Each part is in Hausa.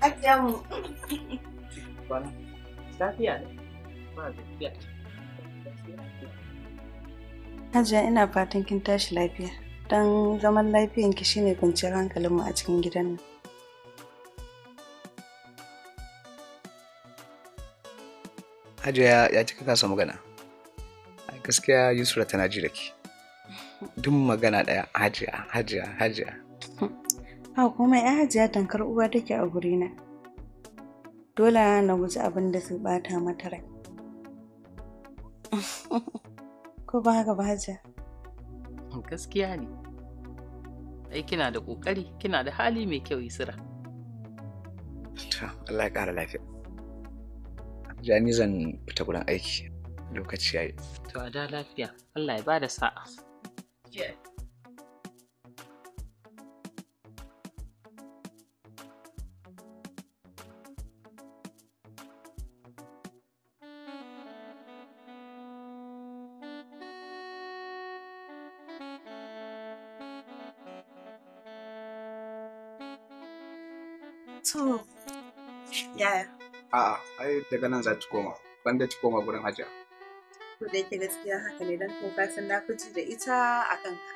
Ajiyar Hajiya ina fatan kin tashi lafiya. Don zaman lafiyanki shine kwanciyar hankalinmu a cikin gidan nan. Hajiya ya cika kasa magana. Gaskiya Yusra tana ji da ke. Dun magana ɗaya hajiya, hajiya, hajiya. ha kuma ya hajiya tankar uwa take a na. dole na guji abin da zai bata mata rai ko ba haka ba hajiya gaskiya ne ai kina da kokari kina da hali mai kyau isra Allah ya ƙara lafiya Jami zan fita gurin aiki lokaci yayi to a da lafiya Allah ya bada sa'a yeah. daga nan za ta koma banda ta koma gurin hajiya ko da ke gaskiya haka ne dan ko ka san na kuci da ita a kanka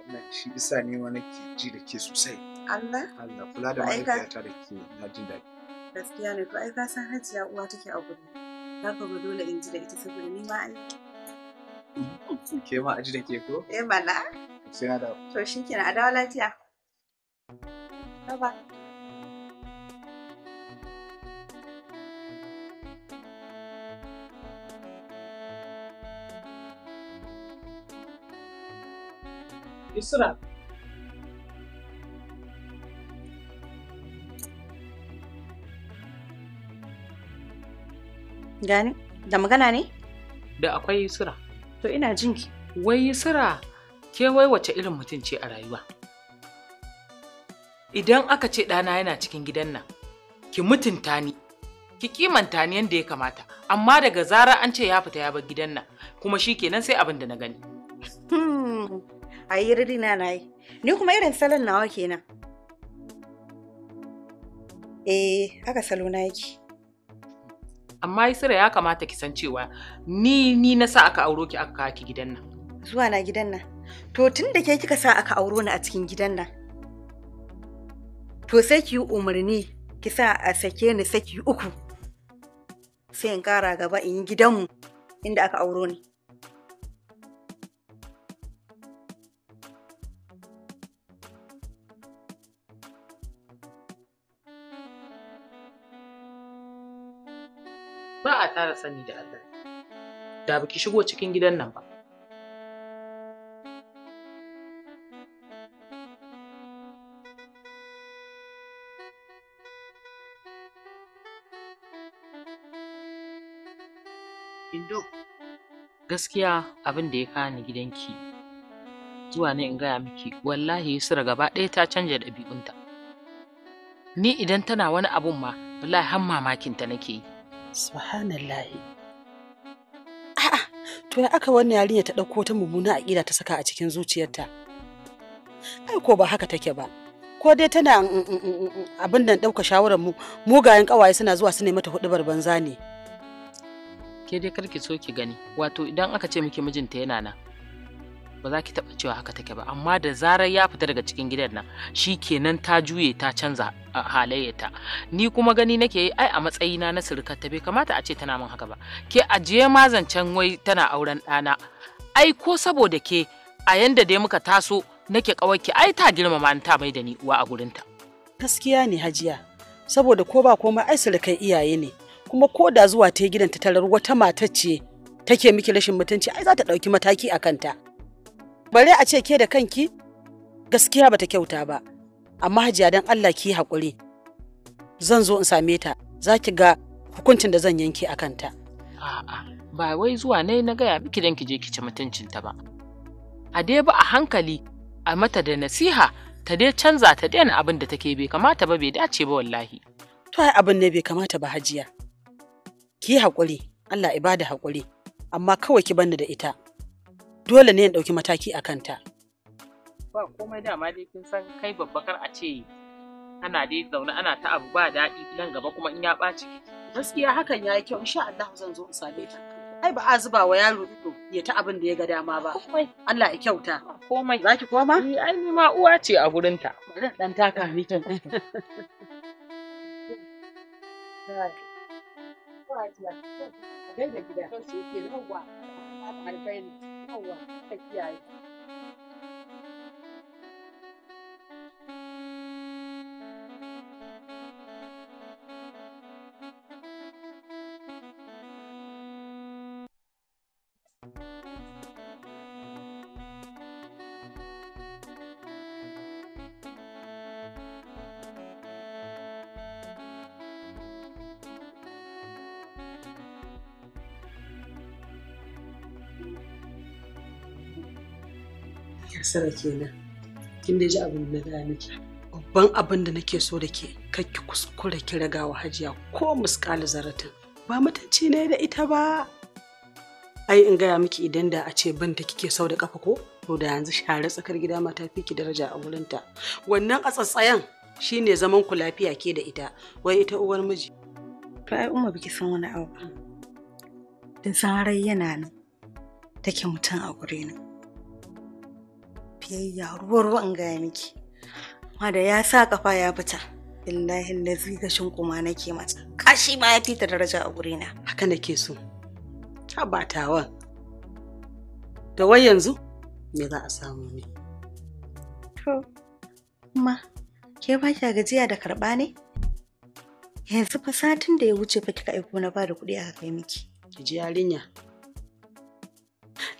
wannan shi isa ne wani ke ji da ke sosai Allah Allah kula da mahaifiyata da ke na jin daɗi gaskiya ne to ai ka san hajiya uwa take a gurin za ka ga dole in ji da ita saboda ni ma ai ke ma aji da ke ko eh bala sai na dawo to shi a dawo lafiya bye bye Yusra. Gani, da magana ne? Da akwai yusura. To ina jinki. Wai Yusra, ke wai wace irin mutum ce a rayuwa? Idan aka ce ɗana yana cikin gidan nan, ki mutunta ni, ki kimanta ni yadda ya kamata, amma daga zara an ce ya fita ya bar gidan nan, kuma shi kenan sai abin da na gani. Hmm. a yi na yi ni kuma irin salon nawa kenan eh haka salo na yake amma Isra ya kamata ki san cewa ni ni na sa aka auro ki aka kawo gidan nan zuwa na gidan nan to tun da ke kika sa aka auro ni a cikin gidan nan to sai ki yi umarni ki sa a sake ni saki uku sai in kara gaba in yi mu inda aka auro ni za a tara sani da Allah. Da baki shigo cikin gidan nan ba. Indo, gaskiya abin da ya kani gidanki zuwa ne in gaya miki wallahi Yusra gaba ɗaya ta canja ɗabi'unta. Ni idan tana wani abun ma wallahi har mamakinta nake yi. subhanallahi a'a to ya aka wannan yarinya ta ɗauko ta mummuna aƙida ta saka a cikin zuciyarta ai ko ba haka take ba ko dai tana mm, mm, mm, abin da ɗauka shawarar mu mugayen ƙawaye suna zuwa su ne mata huɗubar banza ne ke dai karki so ki gani wato idan aka ce miki mijinta yana nan ba za ki taɓa cewa haka take ba amma da zarar ya fita daga cikin gidan nan shi kenan ta juye ta canza halayyata ni kuma gani nake yi ai a matsayina na surukar ta bai kamata a ce tana min haka ba ke ajiye ma zancen wai tana auren ɗana ai ko saboda ke a yanda dai muka taso nake ki ai ta girmama ta mai da ni uwa a gurinta gaskiya ne hajiya saboda ko ba komai ai surukai iyaye ne kuma ko da zuwa ta gidan ta tarar wata matar ce take miki rashin mutunci ai za ta ɗauki mataki a kanta bare a ce ke da kanki gaskiya bata kyauta ba amma hajiya dan Allah ki haƙuri zan zo in same ta za ki ga hukuncin da zan yanke a kanta a'a ba wai zuwa nai na gaya miki dan ki je ki ci mutuncin ta ba a dai ba a hankali a mata da nasiha ta dai canza ta daina abin da take bai kamata ba bai dace ba wallahi to ai abin ne bai kamata ba hajiya ki haƙuri Allah ibada haƙuri amma kawai ki bani da ita dole ne ya ɗauki mataki a kanta. Ba komai dama dai kin san kai babbakar a ce ana dai zaune ana ta abu ba daɗi nan gaba kuma in ya ɓaci. Gaskiya hakan ya yi kyau sha Allah zan zo in same ta. Ai ba a zuba wa yaro ido ya ta abin da ya ga dama ba. Allah ya kyauta. Komai. Za ki koma? Ni ai ni ma uwa ce a gurinta. Bari ɗan taka ni. Thank you. 哇，太厉害 nasara kenan kin da ji abin da na miki babban abin da nake so da ke kakki kuskure ki ragawa hajiya ko muskali zaratin ba mutunci ne da ita ba ai in gaya miki idan da a ce binta kike sau da kafa ko to da yanzu share tsakar gida ma ta ki daraja a wurinta wannan a tsatsayan shine zaman ku lafiya ke da ita wai ita uwar miji to ai umma biki san wani abu da sarai yana nan take mutum a gure ni lafiyayya ruwan ruwa in gaya miki ma da ya sa kafa ya fita illahi lazi gashin kuma nake mata kashi ma ya fita daraja a gurina haka nake so tabatawan da wai yanzu me za a samu ne to ma ke ba kya gajiya da karba ne yanzu fa satin da ya wuce fa kika aiko na ba da kuɗi aka kai miki ki ji yarinya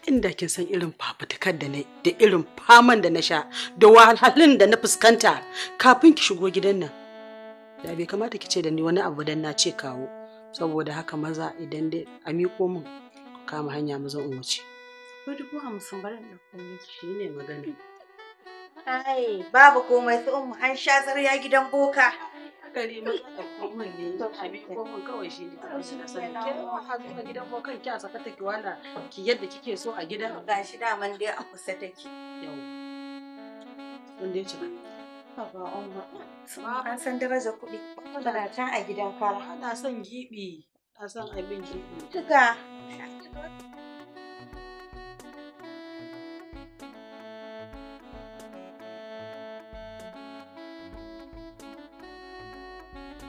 inda kin san irin fafutukar da na da irin faman da na sha da wahalhalun da na fuskanta kafin ki shigo gidan nan da bai kamata ki ce da ni wani abu dan na ce kawo saboda haka maza idan dai a miƙo min kama hanya zo in wuce ko dubu san barin da kuma shi ne magana ai babu komai sai an sha zarya gidan boka hankali matsalakin man ne abin mun kawai shi ne kawai shi na sani ke haka zuwa gidan ko kan kya saka take wala ki yadda kike so a gidan gashi daman dai a kusa take yau mun dai ci Baba Umma, an san daraja kuɗi, tana can a gidan kara. Ana son giɓi, ana son abin giɓi. Duka.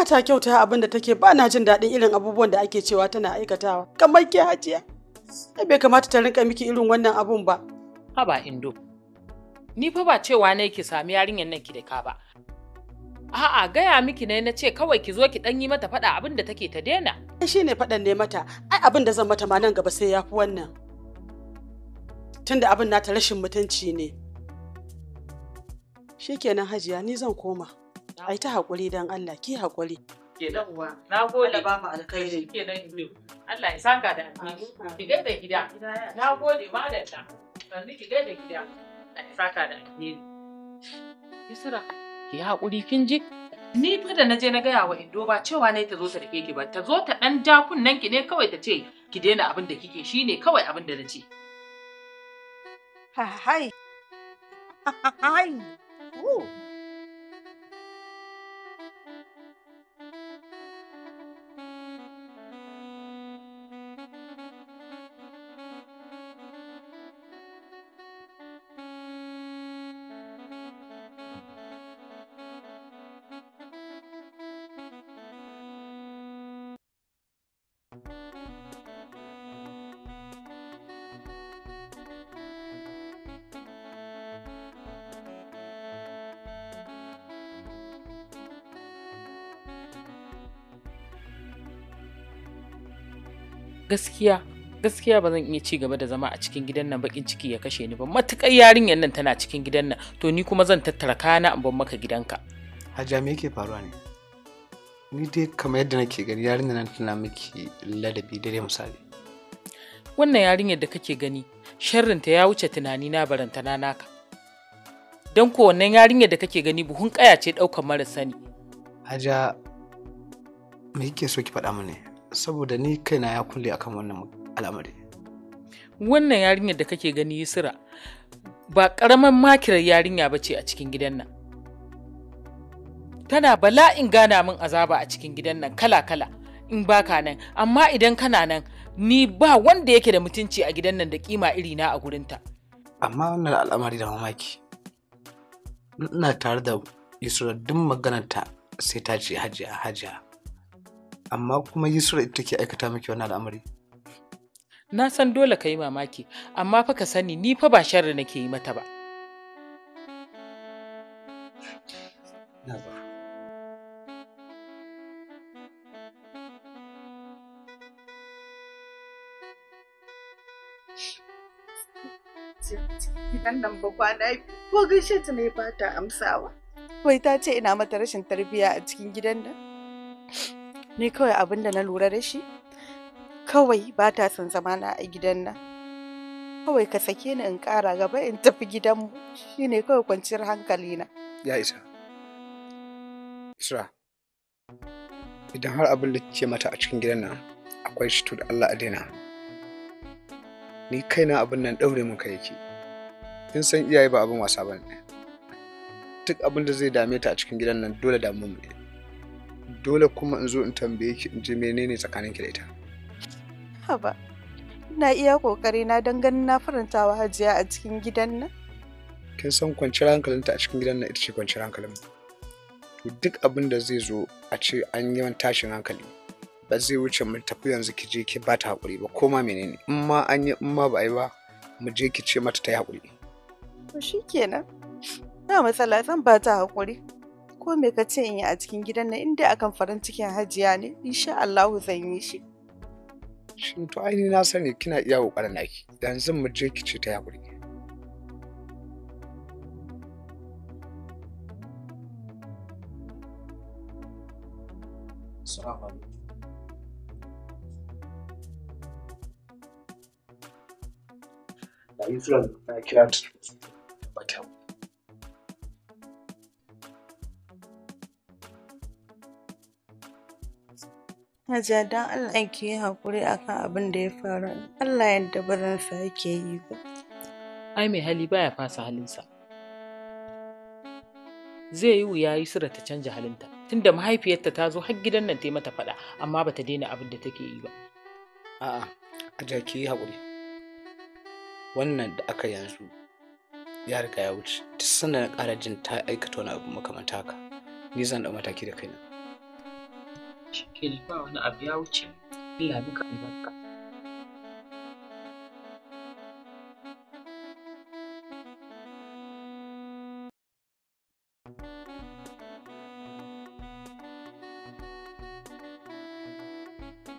ba ta kyauta abin da take ba na jin daɗin irin abubuwan da ake cewa tana aikatawa kamar ke hajiya ai bai kamata ta rinka miki irin wannan abun ba haba indo ni fa ba cewa ne ki sami yarinyar nan ki da ka ba A'a gaya miki ne na ce kawai ki zo ki dan yi mata faɗa abin da take ta daina. Shi ne faɗan ne mata, ai abin da zan mata ma nan gaba sai ya fi wannan. Tunda abin nata rashin mutunci ne. Shikenan hajiya ni zan koma. ai ta haƙuri don Allah ki haƙuri ke dan uwa na gode Allah ba mu alkhairi ke nan ido Allah ya saka da alkhairi. ki ga da gida na gode ta. sannu ki ga da gida Allah ya saka da alkhairi. Yusra ki haƙuri kin ji ni fa da naje na gaya wa Indo ba cewa ne ta zo ta rike ki ba ta zo ta dan dakun nan ki ne kawai ta ce ki daina abin da kike shine kawai abin da na ce. Hai. Hai. gaskiya gaskiya ba zan iya ci gaba da zama a cikin gidan nan bakin ciki ya kashe ni ba matukar yarinyar nan tana cikin gidan nan to ni kuma zan tattara kayana in bar maka gidanka hajja me yake faruwa ne ni dai kamar yadda nake gani yarinyar nan tana miki ladabi dare misali wannan yarinyar da kake gani sharrinta ya wuce tunani na barantana naka don ko wannan yarinyar da kake gani buhun kaya ce daukar mara sani hajja me kike so ki faɗa mu ne saboda ni kaina ya kulle akan wannan al'amari wannan yarinyar da kake gani yusra ba ƙaramin makirar yarinya ba ce a cikin gidan nan tana bala'in gana min azaba a cikin gidan nan kala-kala in baka nan amma idan kana nan ni ba wanda yake da mutunci a gidan nan da kima iri na a gurinta amma wannan al'amari da mamaki ina tare da yusra duk maganarta sai ta ce hajiya hajiya amma kuma Yusra ita take aikata miki wannan al'amari na san dole ka yi mamaki amma fa ka sani ni fa ba sharri nake yi mata ba gidan nan ba kwana ko gaishe ta ne ba ta amsawa wai ta ce ina mata rashin tarbiyya a cikin gidan nan ni kawai abin da na lura da shi kawai ba ta son na a gidan nan kawai ka sake ni in ƙara gaba in tafi gidanmu ne kawai kwanciyar hankali na ya isa isra idan har abin da ke mata a cikin gidan nan akwai shi to da Allah a daina ni kaina abin nan daure mun kai yake kin san iyaye ba abin wasa bane duk abin da zai dame ta a cikin gidan nan dole damu mu ne dole kuma in zo in tambaye ki in ji menene tsakanin ki da ita haba ina iya kokari na don ganin na faranta wa hajiya a cikin gidan nan kin san kwanciyar hankalinta a cikin gidan nan ita ce kwanciyar hankalin to duk abin da zai zo a ce an yi tashin hankali ba zai wuce mu tafi yanzu ki je ki ba ta haƙuri ba ko ma menene in ma an yi in ma ba a yi ba mu je ki ce mata ta yi haƙuri. To shikenan. na matsala zan ba ta haƙuri. ko me ka ce in yi a cikin gidan nan inda akan farin cikin hajiya ne insha Allahu zan yi shi shin to ai na sani kina iya kokarin naki zan mu je ki ce ta yakuri Assalamu alaikum. Da kira Hajiya don Allah ki yi haƙuri akan abin da ya faru. Allah yadda barinsa yake yi ba. Ai mai hali baya fasa halinsa. Zai yi wuya yi sura ta canja halinta. Tunda mahaifiyarta ta zo har gidan nan ta yi mata faɗa amma ba ta daina abin da take yi ba. A'a, ja ki yi haƙuri. Wannan da aka yanzu ya riga ya wuce. Duk sanda ƙara jin ta aikata wani abu makamanta haka. Ni zan ɗau mataki da kaina. alheri ba wani abu ya wuce Allah ya maka albarka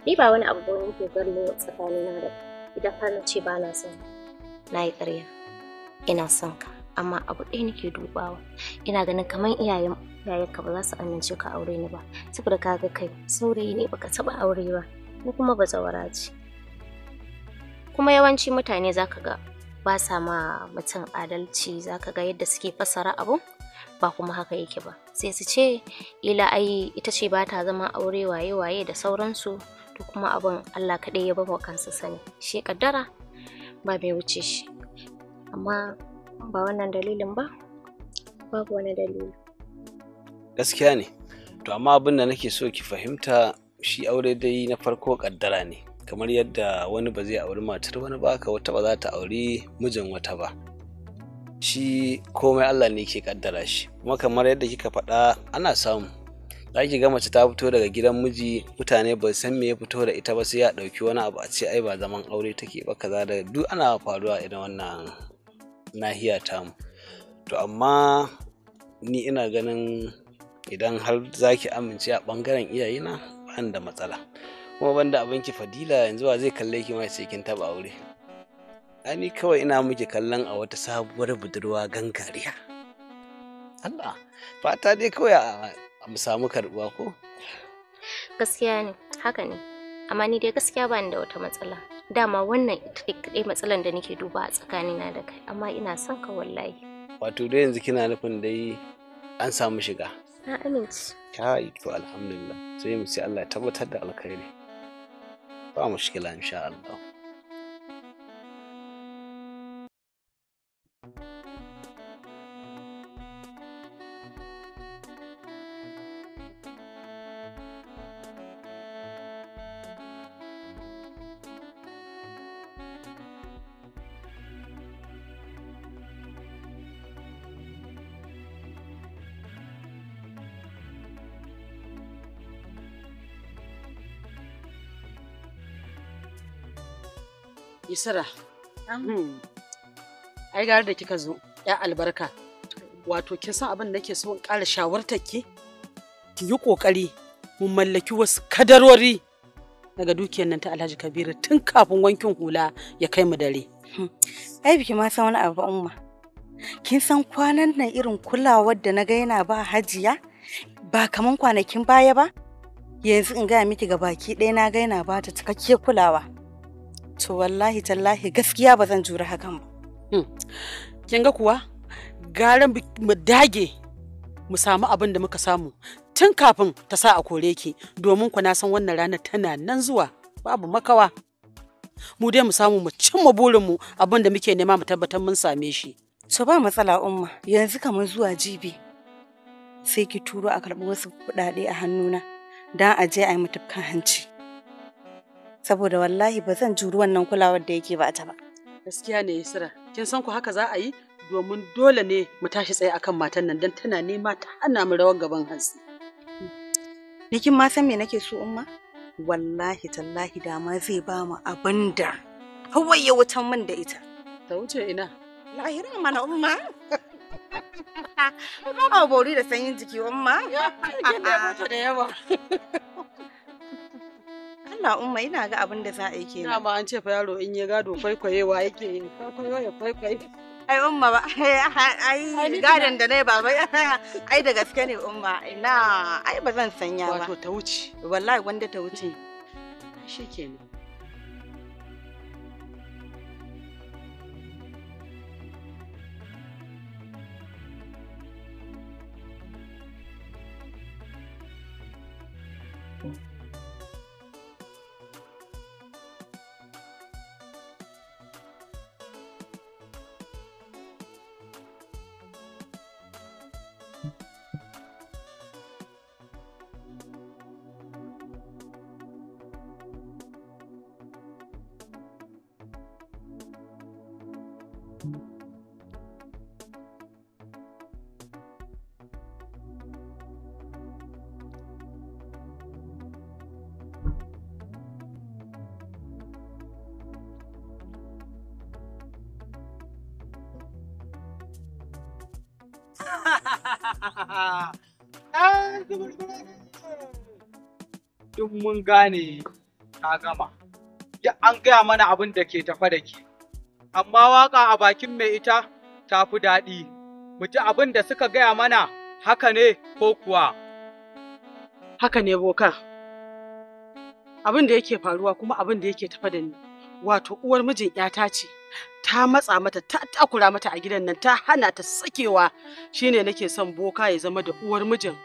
Ni ba wani abu wani ke gallo tsakanina da idan har na ce ba na son na yi ƙarya ina son ka. amma abu ɗaya nake dubawa ina ganin kamar iyayen ka ba za su amince ka aure ni ba saboda ga kai saurayi ne baka taba aure ba ni kuma ba zawara ce kuma yawanci mutane za ka ga ba sa ma mutum adalci za ka ga yadda suke fassara abu ba kuma haka yake ba sai su ce ila ai ita ce ba ta zama aure waye waye da sauransu to kuma abin Allah kaɗai ya bawa kansa sani shi kaddara ba mai wuce shi amma ba wannan dalilin ba babu wani dalili gaskiya ne to amma abin da nake so ki fahimta shi aure dai na farko kaddara ne kamar yadda wani ba zai auri matar wani ba ka wata ba za ta auri mijin wata ba shi komai Allah ne ke kaddara shi kuma kamar yadda kika faɗa ana samu za ki ga mace ta fito daga gidan miji mutane ba san me ya fito da ita ba sai ya ɗauki wani abu a ce ai ba zaman aure take ba kaza da duk ana faruwa irin wannan nahiya tamu to amma ni ina ganin idan har za ki amince a ɓangaren iyayena ban da matsala kuma banda abin ki fadila yanzu wa zai kalle ki ma sai kin taba aure ani kawai ina miki kallon a wata sabuwar budurwa gangariya Allah fata dai kawai a mu samu karbuwa ko gaskiya ne haka ne amma ni dai gaskiya ba ni da wata matsala dama wannan ita kaɗai matsalar da nake duba a tsakani na da kai amma ina son ka wallahi wato dai yanzu kina nufin dai an samu shiga na amince kai to alhamdulillah sai mu sai Allah ya tabbatar da alkhairi ba mu shikila insha Allah Hmm. Ai gare da kika zo, ya albarka. Wato kin san abin da nake so in ƙara shawartar ki? Ki yi ƙoƙari mu mallaki wasu kadarori daga dukiyar nan ta Alhaji Kabiru tun kafin wankin hula ya kai mu dare. Hmm. Ai biki ma san wani abu umma. Kin san kwanan nan irin kulawar da na ga yana ba hajiya ba kaman kwanakin baya ba? Yanzu in gaya miki ga baki ɗaya na ga yana ba ta cikakkiyar kulawa. to wallahi tallahi gaskiya ba zan jura hakan ba hmm. kin ga kuwa gara mu dage mu samu abin da muka samu tun kafin ta sa a kore ki domin ku na san wannan rana tana nan zuwa babu makawa mu dai mu samu mu cimma mu abin da muke nema mu tabbatar mun same shi To ba matsala umma yanzu kamar zuwa jibi sai ki turo a karɓi wasu kuɗaɗe a hannuna don a je a yi hanci saboda wallahi ba zan juri wannan kulawar da yake bata ba. Gaskiya ne sira. kin san ku haka za a yi domin dole ne mu tashi tsaye akan matan nan don tana nema ta hana mu rawar gaban hansi. Ni kin ma san me nake so umma? Wallahi tallahi dama zai ba mu abin da kawai ya wutan min da ita. Ta wuce ina? Lahirin mana umma. Ba bori da sanyin jiki umma. Ya, da yawa. Allah umma ina ga abin da za a yi ke Na ba an ce fa yaro in ya gado kwaikwayewa yake yin kwaikwayo ya kwaikwaye. Ai umma ba ai gadon da nai baba ai da gaske ne umma ina ai ba zan sanya ba. Wato ta wuce. Wallahi wanda ta wuce. Shi Shikenan. Duk mun gane ta gama. Duk an gaya mana abin da ke tafa da ke. Amma waka a bakin mai ita ta fi daɗi. ji abin da suka gaya mana haka ne ko kuwa. Haka ne boka. Abin da yake faruwa kuma abin da yake tafa da ni. Wato uwar mijin 'yata ce. ta matsa mata ta takura mata a gidan nan ta hana ta sakewa shine nake son boka ya zama da uwar mijin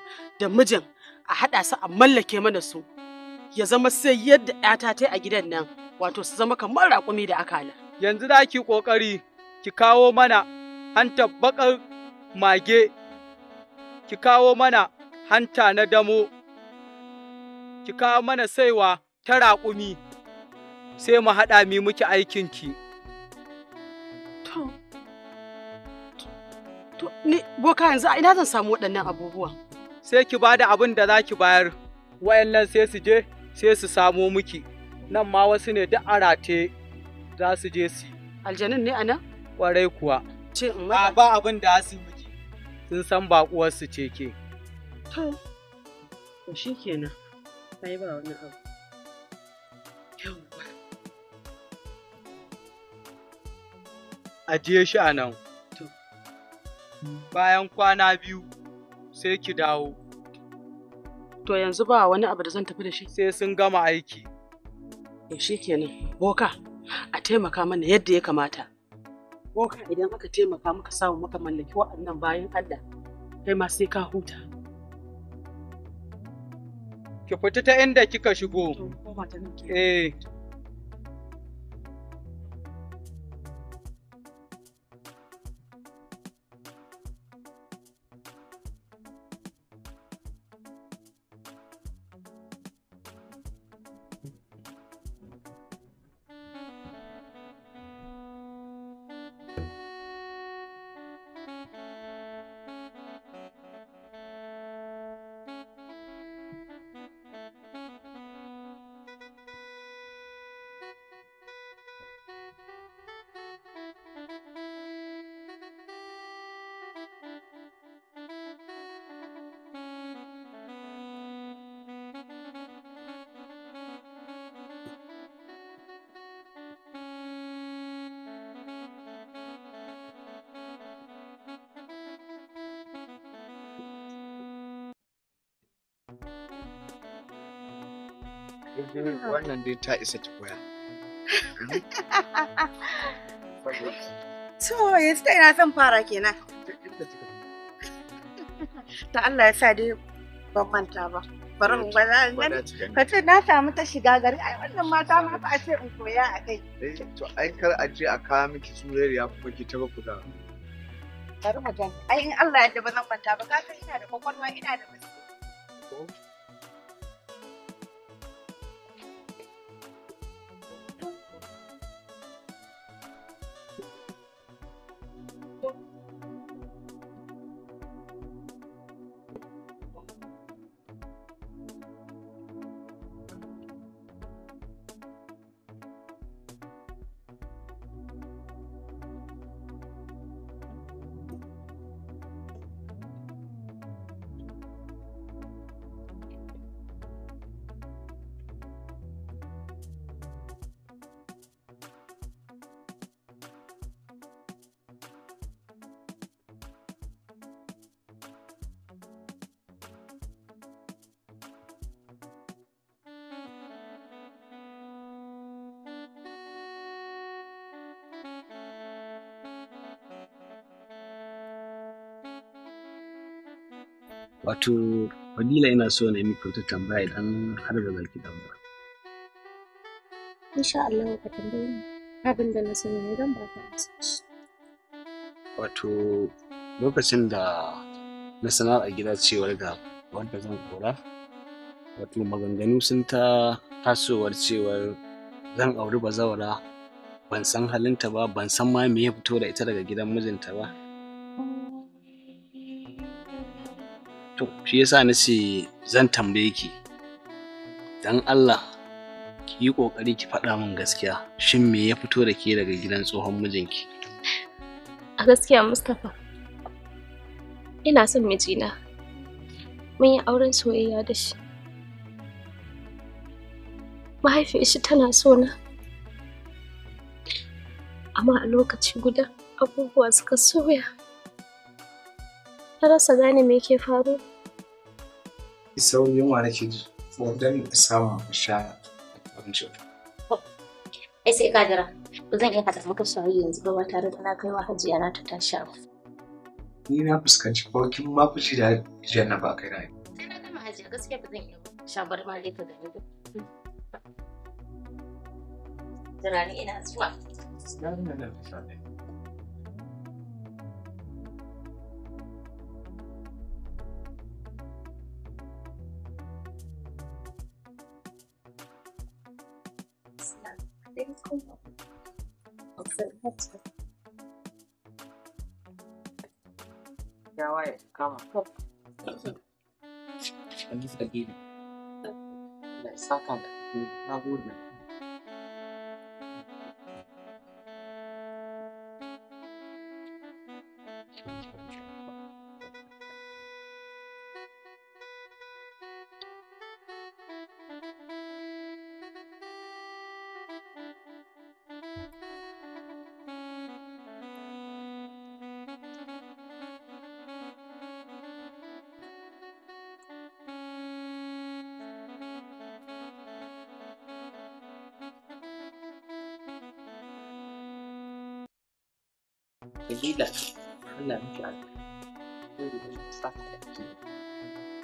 da mijin a haɗa su a mallake mana su ya zama sai yadda ƴata ta a gidan nan wato su zama kamar raƙumi da akala yanzu da ki ƙoƙari ki kawo mana hanta baƙar mage ki kawo mana hanta na damo ki kawo mana saiwa ta raƙumi sai mu haɗa mi muke aikinki. ki Ni boka yanzu a ina zan samu waɗannan abubuwa. Sai ki ba da abin da za ki bayar, wayannan sai su je sai su samo miki. Nan ma wasu ne duk arate za su je su Aljanin ne a nan? Ƙwarai kuwa. Ce in ba abin da su miki. Sun san baƙuwarsu ce ke. To, shi kenan. ba wani abu. ajiye shi a nan. Bayan kwana biyu sai ki dawo. To yanzu ba wani abu da zan tafi da shi? Sai sun gama aiki. To eh, shi kenan, boka, a taimaka mana yadda ya kamata. Boka idan aka taimaka muka samu maka mallaki wa'annan bayan Allah, kai ma sai ka huta. Ki fita ta inda kika shigo. Eh. wannan dai ta isa ta koya. So yanzu ta ina son fara kenan. Ta Allah ya sa dai ban manta ba. Bari mu bala ka ce na samu ta shiga gari ai wannan mata ma fa a ce in koya a kai. Eh, to ai kar a je a kawo miki surayya kuma ki ta ku da. Bari mu ai in Allah ya yarda ba zan manta ba ka san ina da kwakwalwa ina da basira. Wato, Fadila ina so na yi miki wata tambaya idan har da zaki dan ba. Insha Allah ka tambaye ni abin da na sani ne dan ba ka Wato, lokacin da na sanar a gida cewar ga wanda zan kora, wato maganganu sun ta tasowar cewar zan auri bazawara ban san halinta ba ban san ma me ya fito da ita daga gidan mijinta ba to shi yasa na ce zan tambaye ki dan Allah ki yi kokari ki faɗa min gaskiya shin me ya fito da ke daga gidan tsohon mijinki a gaskiya Mustapha ina son mijina mun yi auren soyayya da shi mahaifiyar shi tana so na amma a lokaci guda abubuwa suka soya na rasa gane me ke faru. Isau yunwa nake ji, ko don samun sha abincin. Ai sai ka jira, ba zan iya fata maka kasuwayi yanzu ba tare da na kai wa hajiya na ta tashi abu. Ni na fuskanci ko kin ma da hajiyar na ba kai na. Sai na gama hajiya gaskiya ba zan iya shabar ma dai ka gani ba. ni ina zuwa. Tunani ina zuwa. 確かに。やばい、我慢。そう。チ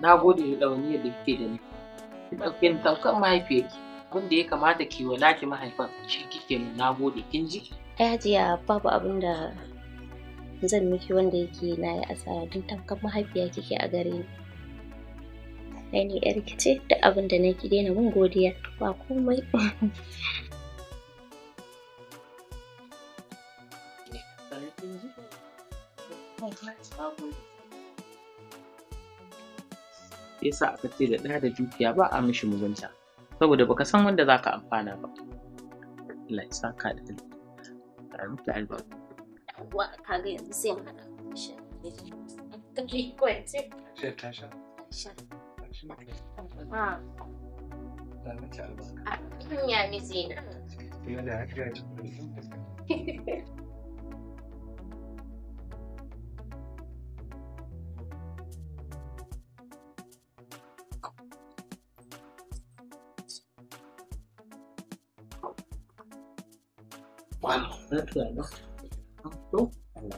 na gode da ɗawainiyar da kike da ni ki ɗauke ni ɗaukan mahaifiyarki abin da ya kamata ki wala ki mahaifan shi kike min na gode kin ji ai hajiya babu abin da zan miki wanda yake na yi asara don tamkar mahaifiya kike a gare ni ai ni yar ce duk abin da nake daina mun godiya ba komai shi yasa aka ce da ɗaya da dukiya ba a mishi mugunta saboda baka san wanda zaka amfana ba Allah ya saka da kai albarka alba wa ka ga yanzu sai mu hada shi tafi kwance sai ta sha sha ha da mace albarka a ya miji na nó thường nó không tốt thành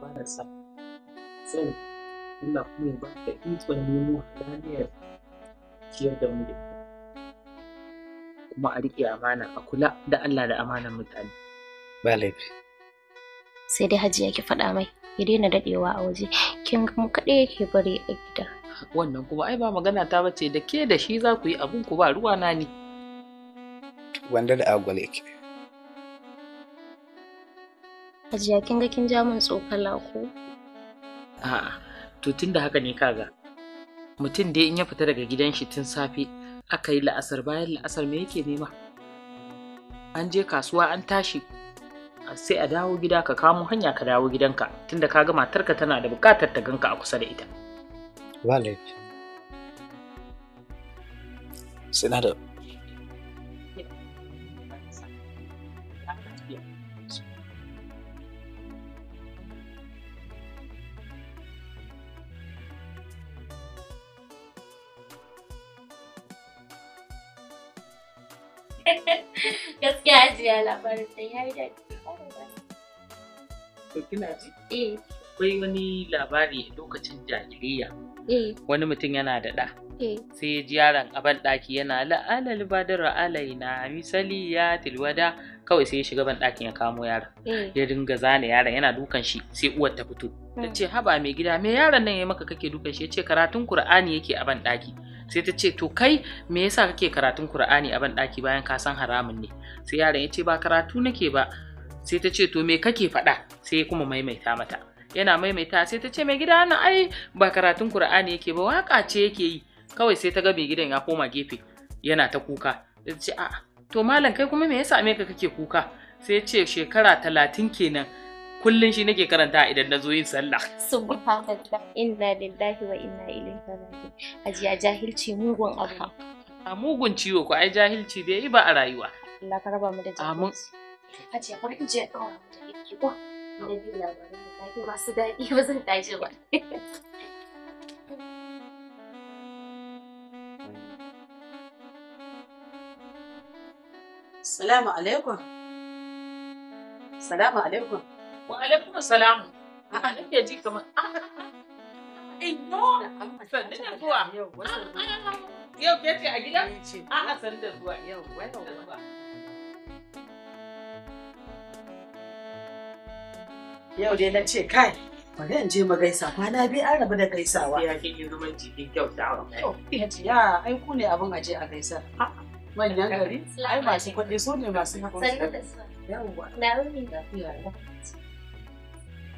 quá là sạch da mu kuma a riƙe amana a kula da Allah da amanar mutane ba laifi sai dai hajiya ki faɗa mai ya daina daɗewa a waje kin mu kaɗai yake bari a gida wannan kuma ai ba magana ta bace da ke da shi za ku yi abun ku ba ruwa na ni gwanda da agwal yake hajiya kin ga kin ja mun tsokala ko a'a to tun da haka ne kaga mutum dai in ya fita daga gidan shi tun safe aka yi la'asar bayan la'asar me yake nema an je kasuwa an tashi sai a dawo gida ka kamo hanya ka dawo gidanka tunda ka ga matarka tana da bukatar ta ganka a kusa da ita ba laifi Gaskiya ajiya labarin ya yi daɗi. To kina ji? Eh. Akwai wani labari lokacin jahiliya. Eh. Wani mutum yana da ɗa. Eh. Sai ji yaron a ɗaki yana la'alal badar alaina misali ya tilwada kawai sai ya shiga ban ɗakin ya kamo yaron. Eh. Ya dinga zane yaron yana dukan shi sai uwar ta fito. Ta hmm. ce haba mai gida me yaron nan ya maka kake dukan shi ya ce karatun Kur'ani yake a ban ɗaki. sai ta ce to kai me yasa kake karatun Kur'ani a banɗaki bayan ka san haramun ne sai yaron ya ce ba karatu nake ba sai ta ce to me kake faɗa sai kuma maimaita mata yana maimaita sai ta ce mai gida na ai ba karatun Kur'ani yake ba waka ce yake yi kawai sai ta ga mai gidan ya koma gefe yana ta kuka ta ce a'a to malam kai kuma me yasa me ka kake kuka sai ce shekara talatin kenan kullum shi nake karanta idan na zo yin sallah subhanallah inna lillahi wa inna ilaihi raji'un a jahilci mugun abu a mugun ciwo ko ai jahilci bai yi ba a rayuwa Allah ka raba mu da jahilci in je yake ko da labarin da masu daɗi ba zan tashi ba Salamu alaikum. Salamu alaikum. Wa alaikum salam. A'a ah. nake ji kamar ah, ah, Inyo sannu da zuwa. Yau ke ce a gida? A'a sannu da zuwa. Yau wannan dai na ce kai bari in je mu gaisa kwana biyu an rabu da gaisawa. Ya ke yin zaman jikin kyautawa. Ya ce ai ku ne abin aje a gaisa. Manyan gari ai masu kuɗi su ne masu hakan. Sannu da zuwa. Yawwa. Na wuni lafiya.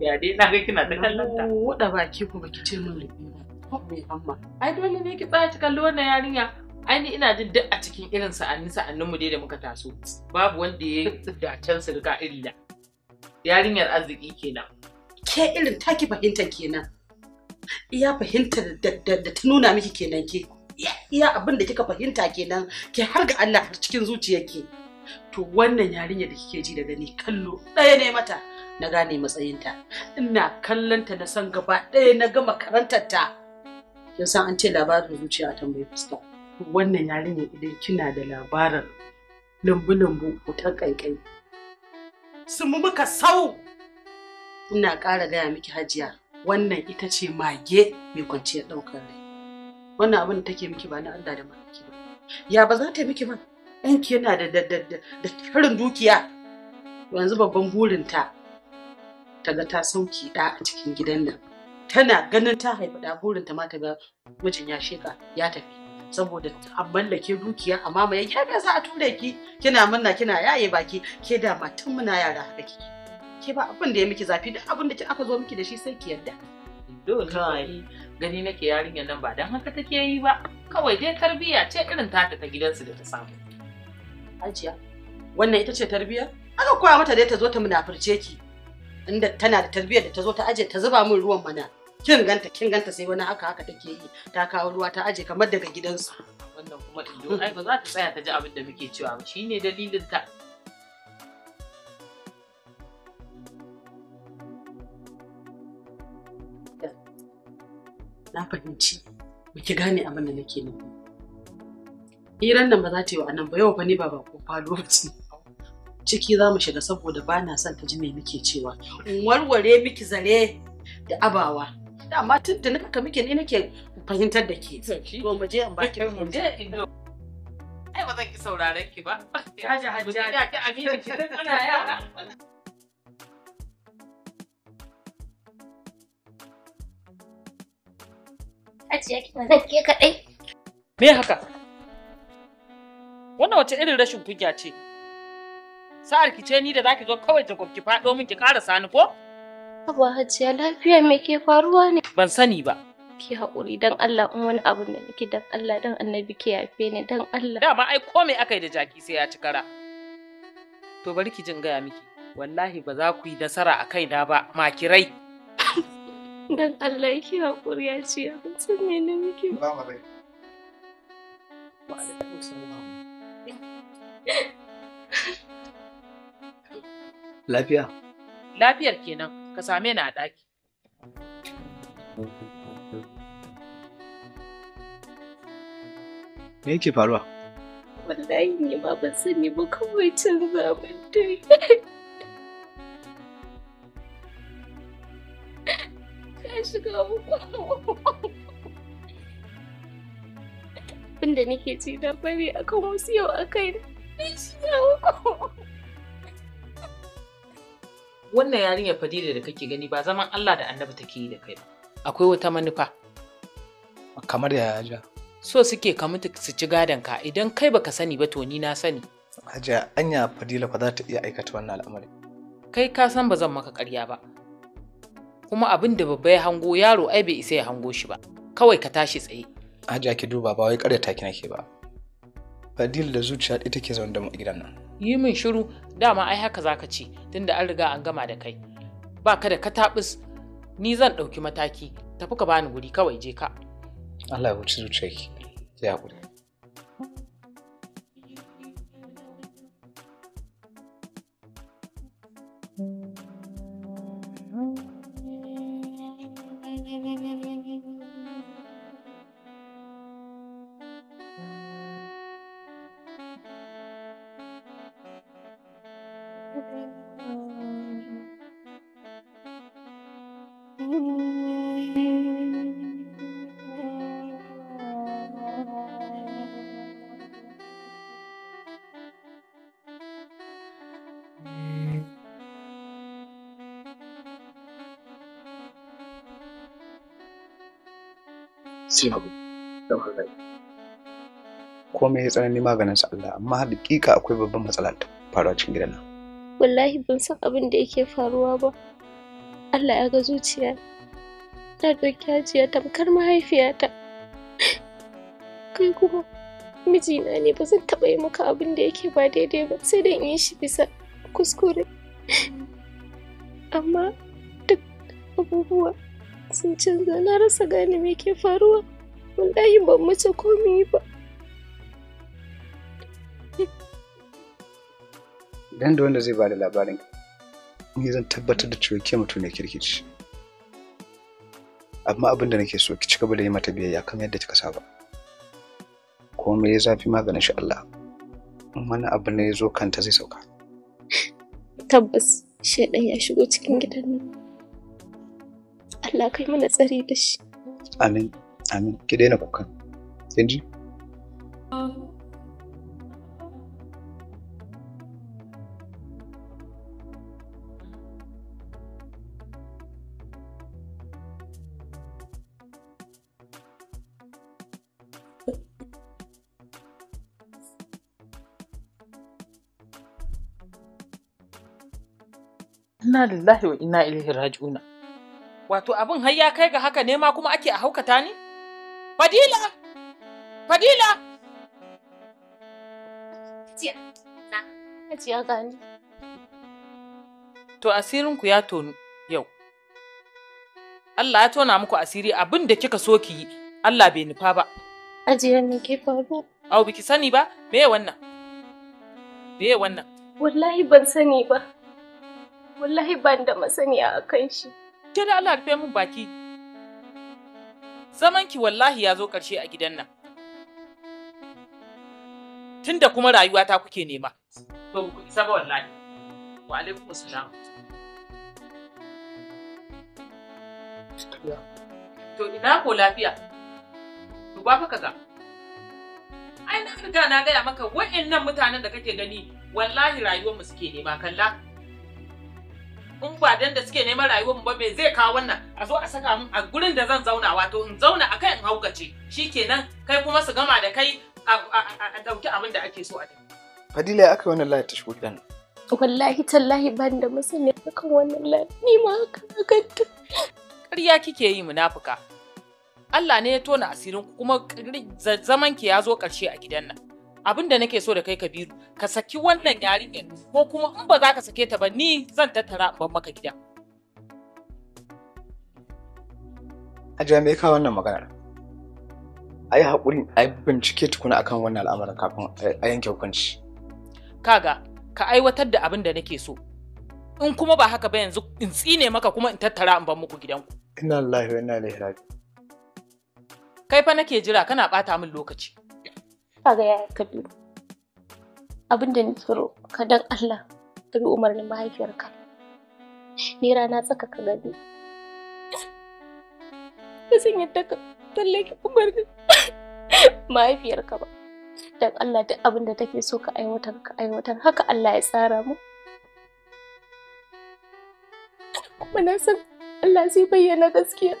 ya dai na ga kina ta kallon ta baki ku baki ce min mai ai dole ne ki tsaya ki kalli wannan yarinya ai ni ina jin duk a cikin irin sa'anni sa'annin mu dai da muka taso babu wanda ya can su rika illa yarinyar arziki kenan ke irin taki fahimta kenan iya fahimtar da ta nuna miki kenan ke iya abin da kika fahimta kenan ke har ga Allah har cikin zuciyarki to wannan yarinya da kike ji da gani kallo ɗaya ne mata na gane matsayinta ina kallonta na san gaba ɗaya na gama karantar ta kin san an ce labarin zuciya a tambayi fuska wannan yarinya idan kina da labarin lambu-lambu wutar ƙaiƙai su mu muka sau ina ƙara gaya miki hajiya wannan ita ce mage mai kwanciyar ɗaukar rai wannan abin da take miki ba na Allah da ba ya ba za ta miki ba ɗanki yana da da da da dukiya yanzu babban burinta ta ga ta sauki ɗa a cikin gidan nan tana ganin ta haifi ɗa burin ta ma ta ga mijin ya sheka ya tafi saboda an mallake dukiya a mamaye ya me za a tura ki kina manna? kina yaye baki ke da matan muna yara haka kike ke ba abin da ya miki zafi duk abin da aka zo miki da shi sai ki yarda dole gani nake yarinyar nan ba dan haka take yi ba kawai dai tarbiyya ce irin ta ta gidansu da ta samu hajiya wannan ita ce tarbiya aka koya mata dai ta zo ta munafurce ki inda tana da tarbiyyar da ta zo ta aje ta zuba min ruwan mana kin ganta kin ganta sai wani haka haka take yi ta kawo ruwa ta aje kamar daga gidansu wannan kuma indo ai ba za ta tsaya ta ji abin da muke cewa ba shine dalilin ta na fahimci muke gane abin da nake nufi iran nan ba za ta yi wa nan ba yau ba ne ba ba ko falo ce ciki za mu shiga saboda ba na son ta ji me muke cewa in warware miki zare da abawa Amma tun da naka muke ne nake fahimtar da ke to mu je an baki mu je ai ba zan ki saurare ki ba ya ji hajja ya ki amina ki tana yara Ajiya ba zan ke kaɗai. Me haka? Wannan wace irin rashin kunya ce? Sa'ar ki ce ni da zaki zo kawai ta ki faɗo min ki ƙara sani ko? Abu Hajiya lafiya me ke faruwa ne? Ban sani ba. Ki haƙuri dan Allah in wani abu ne nake dan Allah dan annabi ki yafe ni dan Allah. Dama ai ko me aka yi da jaki sai ya ci kara. To bari ki jin gaya miki. Wallahi ba za ku yi nasara a kaina ba makirai. Dan Allah ki haƙuri ya ce ya san me ne miki. Ba mu rai. Wa alaikum Lafiya? Lafiyar kenan, ka same ni a ɗaki. Me yake faruwa? Wallahi ne ba ban sani ba kawai canza min dai. Ka shiga uku. Abin da nake ci na bari akan wasu yau a kai na. Ka shiga uku. wannan yarinyar fadila da kake gani ba zaman Allah da annabi take yi da kai ba akwai wata manufa kamar da haja so suke ka mutu su ci gadon ka idan kai baka sani ba to ni na sani haja anya fadila fa za ta iya aikata wannan al'amari kai ka san ba zan maka ƙarya ba kuma abin da babba ya hango yaro ai bai isa ya hango shi ba kawai ka tashi tsaye haja ki duba ba wai ƙarya ta nake ba fadil da zuciya ɗi take zaune da gidan nan yi min shiru dama ai haka zaka ce tunda an riga an gama da kai Ba ka da katabis ni zan ɗauki mataki tafi ka bani wuri kawai je ka Allah ya wuce zuciyarki ya haƙuri sai hagu komai ya tsanani maganin sa Allah amma haƙiƙa akwai babban matsala faruwa cikin gidan nan wallahi ban san abin da yake faruwa ba Allah ya ga zuciya ta ɗauki hajiya tamkar mahaifiyata kai kuma mijina ne ba zan taɓa yi maka abin da yake ba daidai ba sai dan yi shi bisa kuskure amma duk abubuwa sun canza na rasa gane me ke faruwa wallahi ban mace komi ba dan da wanda zai ba da labarin ni zan tabbatar da cewa ke mutum ne kirkici amma abin da nake so ki gaba da yi mata biyayya kamar yadda kika saba komai ya zafi maganin shi Allah wani abu ne ya zo kanta zai sauka tabbas shaidan ya shigo cikin gidan nan Allah kai mana tsari da shi amin amin ki daina kukan sai ji inna lillahi wa inna ilaihi raji'una wato abin har ya kai ga haka ne ma kuma ake a haukata ni fadila fadila Hajiya gani. To asirinku ya tonu yau. Allah ya tona muku asiri abin da kika so ki yi Allah bai nufa ba. Ajiya ne ke faru? Au biki sani ba? Me wannan? Me wannan? Wallahi ban sani ba. Wallahi ban da masaniya a kan shi. Ke da Allah rufe mun baki. Zamanki wallahi ya zo ƙarshe a gidan nan. Tunda kuma rayuwata kuke nema. To ku isa ba wallahi. Wa alaikum salam. To ina ko lafiya? Duba fa kaza. Ai na riga na gaya maka wa'annan mutanen da kake gani wallahi rayuwar mu suke nema kalla. in ba dan da suke neman rayuwar mu ba me zai kawo wannan a zo a saka mun a gurin da zan zauna wato in zauna akai in haukace shikenan kai kuma su gama da kai a dauki abin da ake so a dai Fadila ya wannan layar ta shigo gidan wallahi tallahi ban da masaniya akan wannan layar ni ma haka haka ƙarya kike yi munafuka Allah ne ya tona asirin kuma zaman ki ya zo ƙarshe a gidan nan abin da nake so da kai kabiru ka saki wannan yarinyar ko kuma in ba za ka sake ta ba ni zan tattara in ban maka gida ajiya me ka wannan maganar a yi haƙuri a yi bincike tukuna akan wannan al'amarin kafin a yanke hukunci kaga ka aiwatar da abin da nake so in kuma ba haka ba yanzu in tsine maka kuma in tattara in ban muku gidanku ina lillahi wa inna ilaihi raji kai fa nake jira kana bata min lokaci kaga yaya biyo abin da tsoro ka dan Allah ka bi umarnin mahaifiyarka ni rana tsaka ka gani ka san yadda ka tallake umarnin mahaifiyarka ba dan Allah duk abin da take so ka aiwatar ka aiwatar haka Allah ya tsara mu kuma na san Allah zai bayyana gaskiya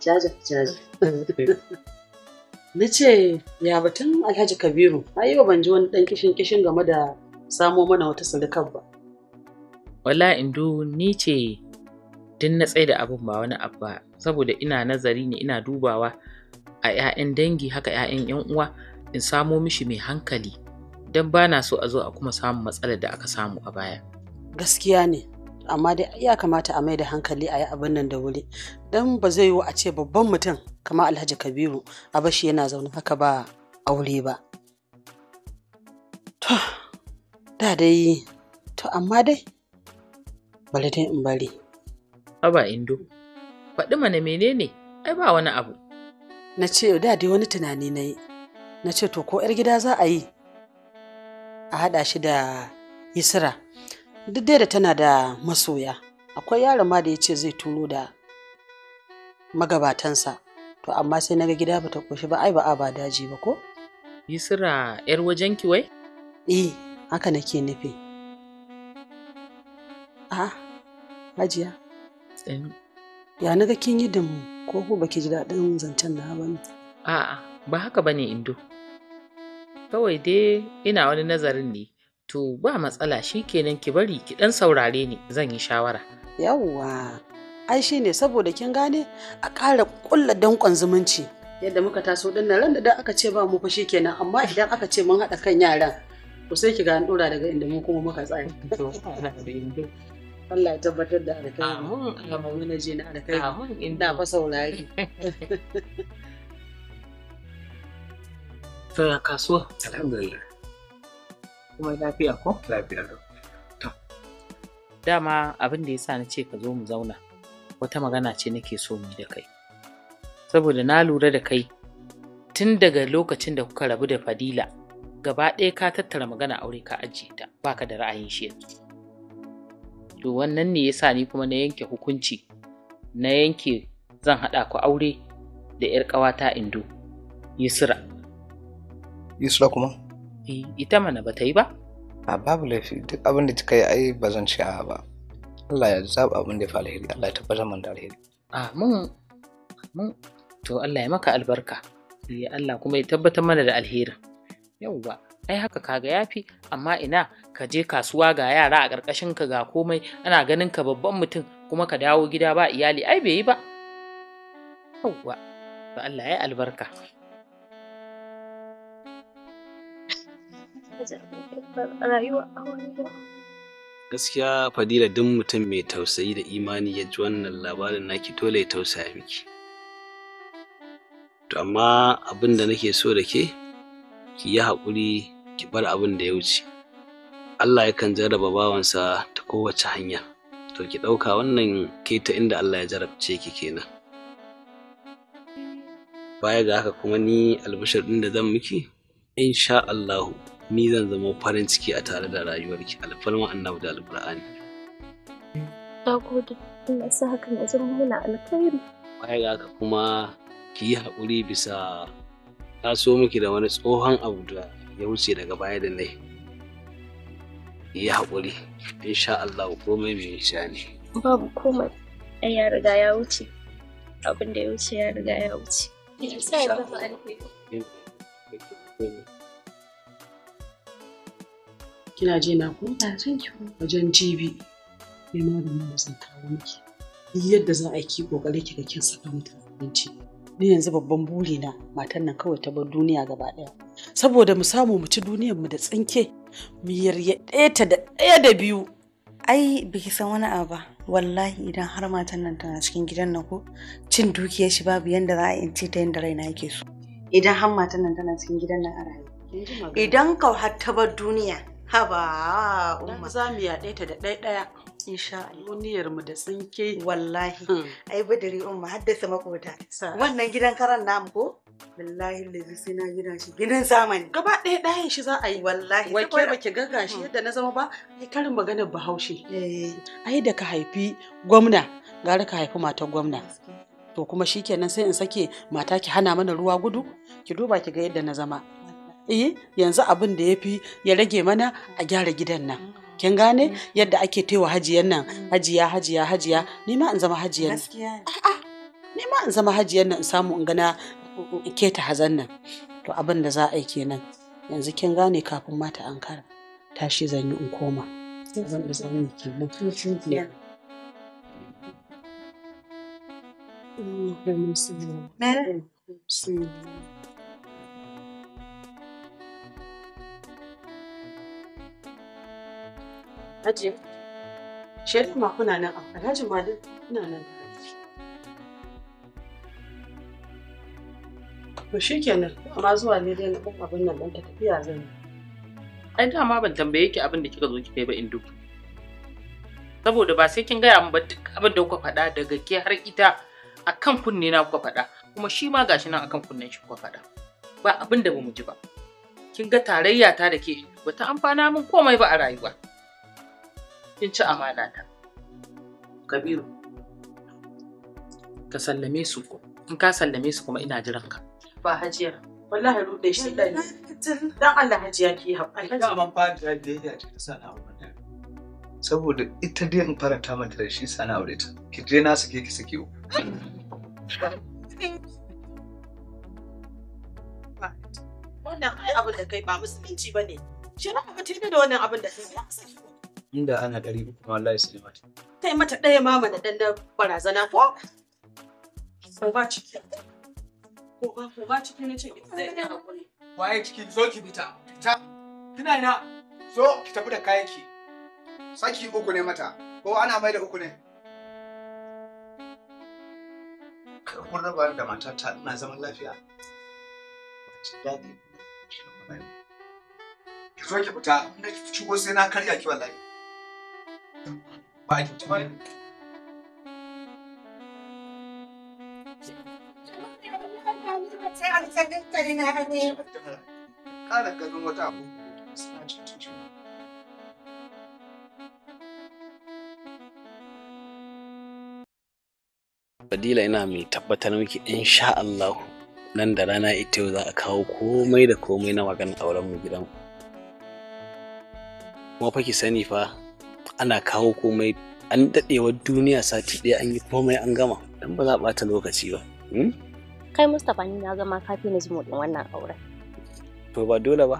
Caja, eh. Na ce, ya batun Alhaji Kabiru, A yau ban ji wani ɗan kishin kishin game da samo mana wata sadakar ba. Wala indu ni ce din na tsaye da abin ba wani abu ba, saboda ina nazari ne ina dubawa a 'ya'yan dangi haka 'ya'yan 'yan uwa in samo mishi mai hankali don bana so a zo a kuma samun matsalar da aka samu a baya. Gaskiya ne. amma dai ya kamata a mai da hankali a yi abin nan da wuri don ba zai yiwu a ce babban mutum kama alhaji kabiru a bashi yana zaune haka ba aure ba to da dai to amma dai bari dai in bari haba indo faɗi mana menene ai ba wani abu na ce da dai wani tunani na yi na ce to ko 'yar gida za a yi a haɗa shi da yisira duk dai da tana da masoya akwai yaron ma da ya ce zai turo da magabatansa to amma sai naga gida ba ta koshi ba ai ba a ba daji ba ko yisira yar wajen ki wai eh haka nake nufi a hajiya tsani ya naga kin yi da mu ko ko baki ji daɗin zancen na ba a'a ba haka bane indo kawai dai ina wani nazarin ne To ba matsala shi kenan ki bari ki dan saurare ni zan yi shawara. Yawwa, ai shi ne saboda kin gane a ƙara ƙulla danƙon zumunci. Yadda muka taso ɗin nan ran da aka ce ba mu fa shi kenan amma idan aka ce mun haɗa kan yaran ku sai ki ga an ɗora daga inda mu kuma muka tsaya. Allah ya tabbatar da alkai. Amin. Gama mana je na alkai. Amin. Ina fa saurari. Tana kasuwa. Alhamdulillah. kuma lafiya ko? Lafiya To. Dama abin da ya sa na ce ka zo mu zauna wata magana ce nake so mu da kai. Saboda na lura da kai tun daga lokacin da kuka rabu da Fadila gaba ɗaya ka tattara magana aure ka ajiye ta baka da ra'ayin shi yanzu. To wannan ne ya sa ni kuma na yanke hukunci na yanke zan haɗa ku aure da 'yar ƙawata Indo, Yusra. Yusra kuma? laifi ita mana ba ta yi ba? A babu laifi duk abin da kika yi ai ba zan ci a ba. Allah ya zaɓa abin da ya fi alheri, Allah ya tabbatar man da alheri. A mun mun! To Allah ya maka albarka. Ya eh, Allah kuma ya tabbatar mana da alherin. Yauwa. ai haka kaga yafi amma ina ka je kasuwa ga yara a ƙarƙashin ka ga komai ana ganin ka babban mutum kuma ka dawo gida ba iyali ai bai yi ba yawwa ba Allah ya albarka gaskiya fadila duk mutum mai tausayi da imani ya ji wannan labarin naki dole ya tausaya miki to amma abin da nake so da ke ki yi haƙuri ki bar abin da ya wuce Allah yakan jarraba bawansa ta kowace hanya to ki ɗauka wannan ke ta inda Allah ya jarabce ki kenan baya ga haka kuma ni albishir ɗin da zan miki insha Allahu ni zan zama farin ciki a tare da rayuwarki alfalma annabi da alƙur'ani na gode Allah sa hakan ya zama mana alkhairi baya ga haka kuma ki yi haƙuri bisa Ta so miki da wani tsohon abu da ya wuce daga baya da nai ki yi haƙuri insha Allah komai mai sha ne babu komai ai ya riga ya wuce abin da ya wuce ya riga ya wuce Thank you. kina je na ko wajen jibi ne maganin da zan kawo miki duk yadda za a yi kokari ga kin saka mutum abinci ni yanzu babban buri na matan nan kawai ta bar duniya gaba daya saboda mu samu mu ci duniyar mu da tsinke mu yarye ɗaya ta da ɗaya da biyu ai biki san wani abu wallahi idan har matan nan tana cikin gidan nan ko cin dukiyar shi babu yanda za a in ce ta yanda raina yake so idan har matan nan tana cikin gidan nan a rayu idan kau har ta bar duniya haba umma za mu yaɗe ta da ɗaya-ɗaya insha Allah mu da tsinke wallahi hmm. ai budiri umma haddasa makota wannan gidan karan namu ko wallahi lazi sai na gina shi gidan zamani gaba ɗaya ɗayan shi za a yi wallahi wai ke baki gaga shi hmm. yadda na zama ba ai karin magana bahaushe eh. ai da ka haifi gwamna gara ka haifi matar gwamna to kuma shikenan sai in sake mata ki hana mana ruwa gudu ki duba ki ga yadda na zama eh yanzu abin da ya fi ya rage mana a gyara gidan nan kin gane yadda ake taiwa hajiyan nan hajiya hajiya hajiya ni ma in zama hajiyan nan ni ma in zama hajiyan nan in samu in gana in keta hazan nan to abin da za a yi kenan yanzu kin gane kafin mata ankara tashi zan yi in koma Zan da zan yi kenan mm, Mera? Mm, Sim. Hajiya, shaɗin ma kuna nan a Alhaji Malam kuna nan da Haji. Ba shi kenan, amma zuwa ne dai na ɗan abin nan ɗan ta tafiya zan yi. Ai dama ban tambaye ki abin da kika zo kika yi ba Indo. Saboda ba sai kin gaya min ba duk abin da kuka faɗa daga ke har ita a kan kunne na kuka faɗa kuma shi ma gashi nan a kan kunnen shi kuka faɗa. Ba abin da ba mu ji ba. Kin ga tarayya ta da ke ba ta amfana min komai ba a rayuwa. kin ci amana ta kabiru ka sallame su ko in ka sallame su kuma ina jiran ka ba hajiya wallahi rude shi dan dan Allah hajiya ki haƙuri ka ban fara da ya ci sana aure saboda ita dai in ta mata da shi sana aure ta ki je na sake ki sake wannan ai abin da kai ba musulunci bane shi na ba ta da wannan abin da kai inda ana ɗari uku ma wallahi sai mata. Kai mata ɗaya ma mana ɗan na barazana ko? Ko ba ciki. Ko ba ko ba ciki ne ce ki zai ɗan hakuri. Waye ciki zo ki fita. Ta kina ina. Zo ki tafi da kayan ki. Saki uku ne mata. Ko ana mai da uku ne. Kun raba da matata ina zaman lafiya. Ci daɗi. Ki zo ki fita. inda ki shigo sai na karya ki wallahi. Bye. Bye. Kada Fadila ina mai tabbatar miki sha Allah nan da rana ita za a kawo komai da komai na maganin auren mu gidan. Kuma fa ki sani fa ana kawo komai an daɗewar duniya sati ɗaya an yi komai an gama dan ba za a ɓata lokaci ba. Hmm? Kai Mustapha ni na gama kafi na zumo wannan auren. To ba dole ba.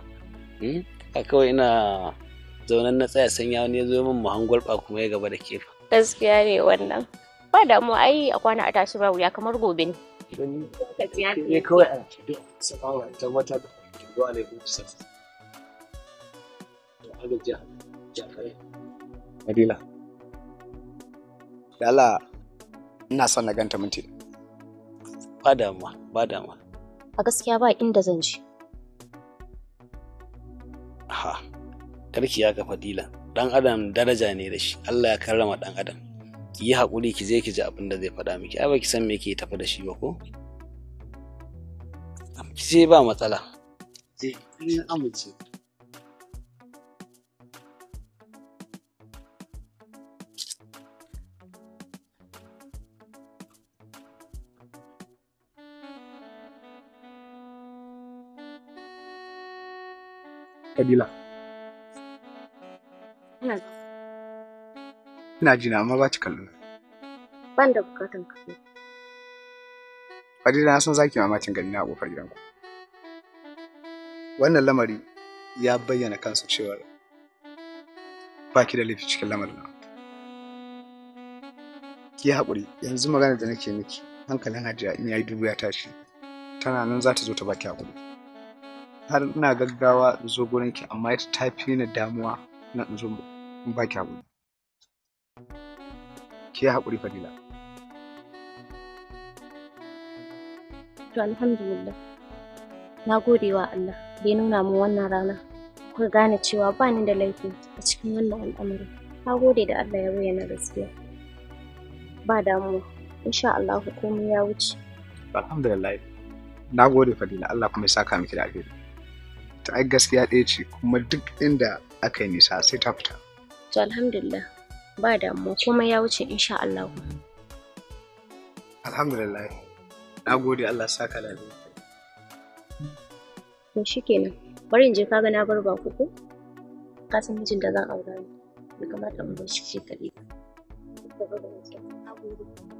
Hmm? A kawai ina zaunan na tsaya sanya wani ya zo min muhangwar ba kuma ya gaba da ke. Gaskiya ne wannan. Ba damuwa ai a kwana a tashi ba wuya kamar gobe ne. Ne kawai Nadila. Da Allah ina son na ganta minti. Ba damuwa, ba damuwa. A gaskiya ba inda zan je. Ha, karki ya ga fadila. Dan adam daraja ne da shi. Allah ya karrama dan adam. Ki yi haƙuri ki je ki ji abin da zai faɗa miki. Ai ba ki san me ke tafi da shi ba ko? Ki je ba matsala. Je, in amince. kabila ina jina amma ba ci kallon ban da bukatan kallo Fadila na san zaki mamacin gani na kofar gidanku wannan lamari ya bayyana kansu cewa ba ki da laifi cikin lamarin nan ki haƙuri yanzu magana da nake miki hankalin hajiya in yayi dubu ya tashi tana nan za ta zo ta baki haƙuri har ina gaggawa in zo gurin ki amma ita ta fi ni damuwa na in zo in ba ki haƙuri ki haƙuri fadila to alhamdulillah na gode wa Allah da ya nuna min wannan rana kuka gane cewa ba ni da laifi a cikin wannan al'amari na gode da Allah ya bayyana gaskiya ba damuwa insha Allah komai ya wuce alhamdulillah na gode fadila Allah kuma ya saka miki da alheri ta ai gaskiya ɗaya ce kuma duk inda aka yi nisa sai ta fita to alhamdulillah ba damuwa komai ya wuce insha Allah alhamdulillah na gode Allah saka lafiya to shikenan bari in je kaga na bar ba kuku. ka san mijin da zan aura ne kamata mu bar shi kaɗai. Thank you.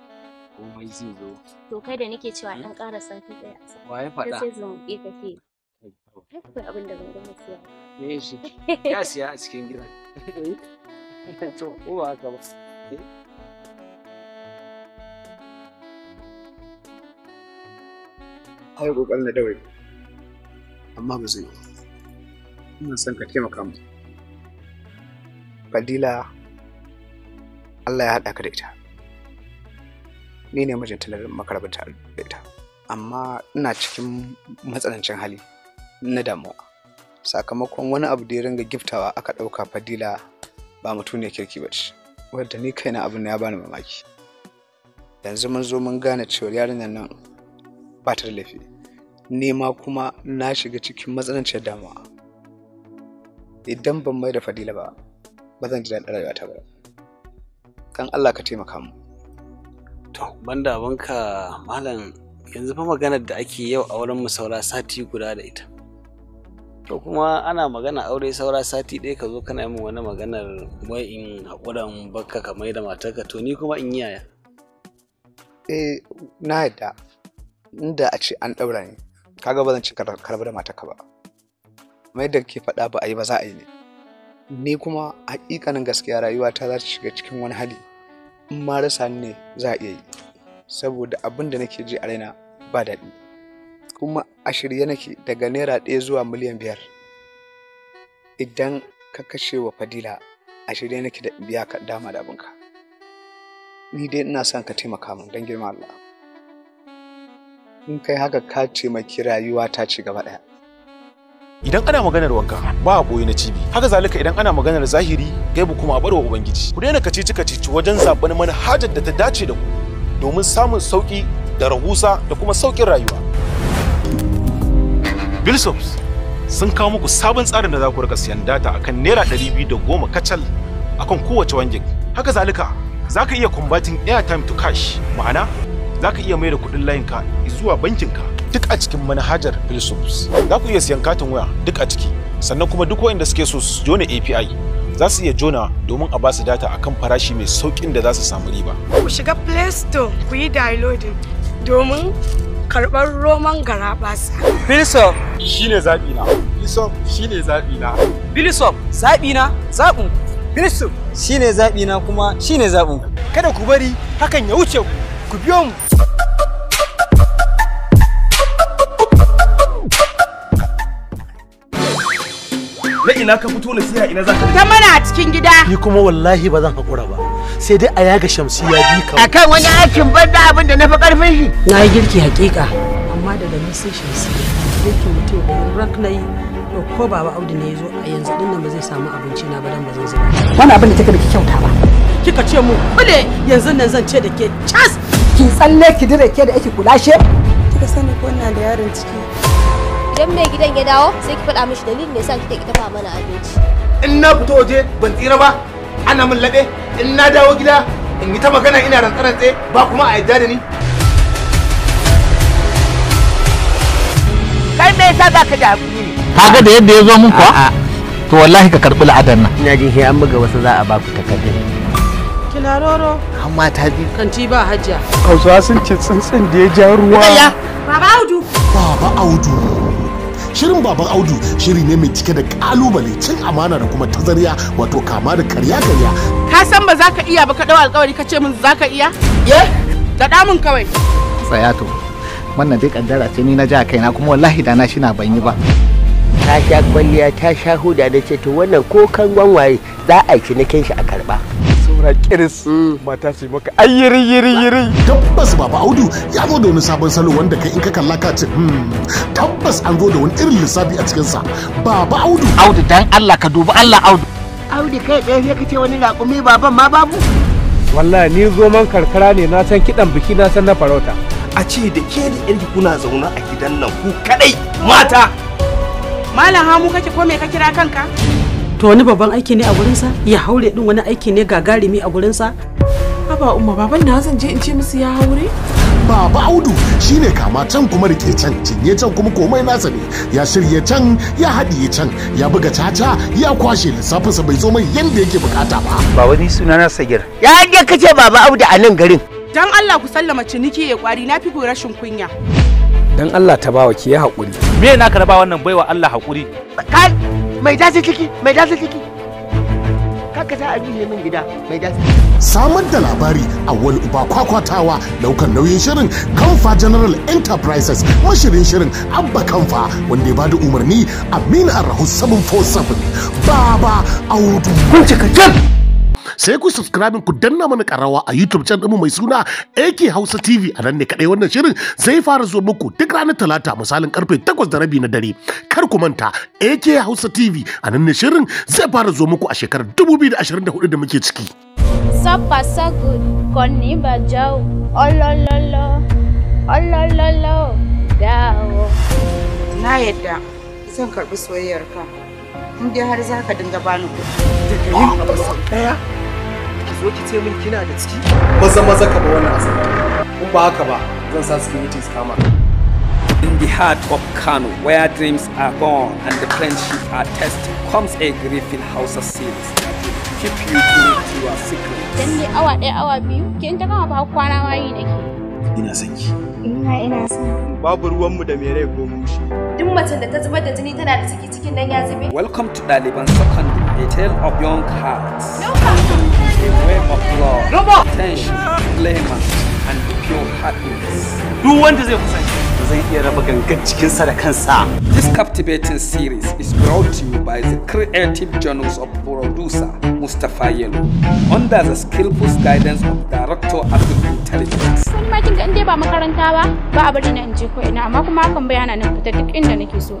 komai zai zo to kai da nake cewa dan ƙara sati ɗaya waye faɗa sai zumuɗe kake akwai abin da ban gama siya me shi ya siya a cikin gida to ko ba haka ba ai kokarin da dawai amma ba zai ina son ka taimaka mu fadila Allah ya haɗa ka da ita ni ne mijinta da makarabta da ita amma ina cikin matsanancin hali na damuwa sakamakon wani abu da ya ringa giftawa aka ɗauka fadila ba mutum ne kirki ba ce wadda ni kaina abin ya bani mamaki yanzu mun zo mun gane cewa yarinyar nan ba ta da laifi kuma na shiga cikin matsananciyar damuwa idan ban mai da fadila ba ba zan ji daɗin rayuwata ba kan Allah ka taimaka mu banda abinka malam yanzu fa maganar da ake yau a wurin saura sati guda da ita to kuma ana magana aure saura sati ɗaya ka zo kana min wani maganar wai in haƙuran bakka ka mai da matarka to ni kuma in yaya eh na yadda inda a ce an ɗaura ne kaga ba zan ci karbar da matarka ba mai da ke faɗa ba a yi ba za a yi ne ni kuma hakikanin gaskiya rayuwa ta za ta shiga cikin wani hali in ma rasa ne za a iya yi saboda abin da nake ji a raina ba daɗi kuma a shirye nake daga naira ɗaya zuwa miliyan biyar idan ka kashe wa fadila a shirye nake da biya ka dama da abinka ni dai ina son ka taimaka min don girma Allah in kai haka ka taimaki rayuwa ta ci gaba ɗaya idan ana maganar wanka ba a boye na cibi haka zalika idan ana maganar zahiri gaibu kuma a barwa ubangiji ku daina kacici kacici wajen zaɓar manhajar da ta dace da ku domin samun sauƙi da rahusa da kuma sauƙin rayuwa bilsops sun kawo muku sabon tsarin da za ku rika siyan data akan naira ɗari biyu da goma kacal akan kowace wangin haka zalika za ka iya converting airtime to cash ma'ana za ka iya mai da kuɗin layinka zuwa bankinka duk a cikin manhajar Philosophes. Za ku iya siyan katin waya duk a ciki, sannan kuma duk wanda suke so su jona API za su iya jona domin a ba su data akan farashi mai saukin da za su samu riba. Ku shiga Play Store ku yi downloading domin karɓar roman gara basa. shine shi ne zaɓina. Bilisop shi ne zaɓina. Bilisop zaɓina zaɓin. Bilisop shi ne zaɓina kuma shi ne zaɓin. Kada ku bari hakan ya wuce ku biyo mu. na ina ka fito na siya ina zaka ta mana a cikin gida ni kuma wallahi ba zan hakura ba sai dai a yaga ya bi ka akan wani aikin banda abin da na fi karfin shi na yi girki hakika amma daga nan sai shamsiya girki mutum rak na yi ko baba audu ne yazo a yanzu din nan ba zai samu abinci na ba dan ba zan zuba wani abin da take kyauta ba kika ce mu bale yanzu nan zan ce da ke cas ki tsalle ki dire ke da ake kulashe kika sani ko ina da yaron ciki idan mai gidan ya dawo sai ki faɗa mishi dalilin da yasa kike ki tafa mana abinci in na fito waje ban tsira ba ana min laɓe in na dawo gida in yi ta magana ina rantsarantse ba kuma a yadda da ni kai me yasa ka da abu ne kaga da yadda ya zo mun kuwa to wallahi ka karɓi la'adar nan ina jin sai an buga wasu za a baku takardun kina roro an mata biyu kanti ba hajja kausawa sun ce tsuntsun da ya ja ruwa baba audu baba audu shirin baban audu shiri ne mai cike da kalubale cin amana da kuma tazariya wato kama da karya karya ka san ba za ka iya ba ka dau alkawari ka ce min za ka iya ye da damun kawai tsaya wannan dai kaddara ce ni na ja kaina kuma wallahi da na shi na ban yi ba ta sha kwalliya ta sha huda da ce to wannan ko kan gwangwaye za a yi cinikin shi a karba sura kiris mm. mata su maka ai yiri yiri yiri tabbas baba audu ya zo da wani sabon salo wanda kai in ka kalla ka ce hmm, tabbas an zo da wani irin lissafi a cikinsa baba audu audu dan allah ka dubi allah audu audu kai ɗaya sai ka ce wani raƙumi baban ma babu wallahi ni zoman karkara ne na san kiɗan biki na san na farauta a ce da ke da yarki kuna zaune a gidan nan ku kadai mata malam hamu kake ko me ka kira kanka to wani babban aiki ne a gurinsa ya haure din wani aiki ne gagarumi a gurinsa haba umma baban na zan je in ce musu ya haure baba audu ne kama can kuma rike can cinye can kuma komai nasa ne ya shirye can ya haɗiye can ya buga caca ya kwashe lissafinsa bai zo mai yanda yake bukata ba ba wani suna na sagir ya ka ce baba audu a nan garin dan Allah ku sallama ciniki ya kwari na fi ku rashin kunya dan Allah ta bawa ki ya haƙuri me na karba wannan baiwa Allah hakuri? mai dasi ciki mai ciki min gida samar da labari a wani uba kwakwatawa daukar nauyin shirin kamfa general enterprises mashirin shirin abba kamfa wanda ya bada umarni amina arahu 747 baba audu kun cika sai ku subscribe ku danna mana karawa a YouTube channel mu mai suna AK Hausa TV a nan ne kadai wannan shirin zai fara zuwa muku duk ranar Talata misalin karfe 8 da rabi na dare kar ku manta AK Hausa TV a nan ne shirin zai fara zuwa muku a shekarar 2024 da muke ciki Sapa sagu koni jau olololo olololo dawo na yadda zan karbi soyayyar soyayyarka in dai har zaka dinga bani kuɗi. Daya zo ki ce min kina da ciki maza maza ka ba wannan asibiti in ba haka ba zan sa securities kama In the heart of Kano, where dreams are born and the friendship are tested, comes a grieving house of sins will keep you to your secret. Dan ne awa ɗaya awa biyu, kin ta kama ba kwana ma yi da ke. Ina sanki. ki. Ina ina son. Babu ruwanmu da mere ko mushi. Duk macen da ta zama da jini tana da ciki cikin nan ya zube. Welcome to Daliban Secondary, a tale of young hearts. No, a way of love, Lama. tension, playment, and pure happiness. Duk wanda zai kusanci. Zai iya raba gangan cikinsa da kansa. This captivating series is brought to you by the creative journals of producer Mustafa Yelo under the skillful guidance of Director Abdul Intelligence. Wani ma kin ga in dai ba makaranta ba, ba a bari na in je ko ina amma kuma hakan bayana nan fita duk inda nake so.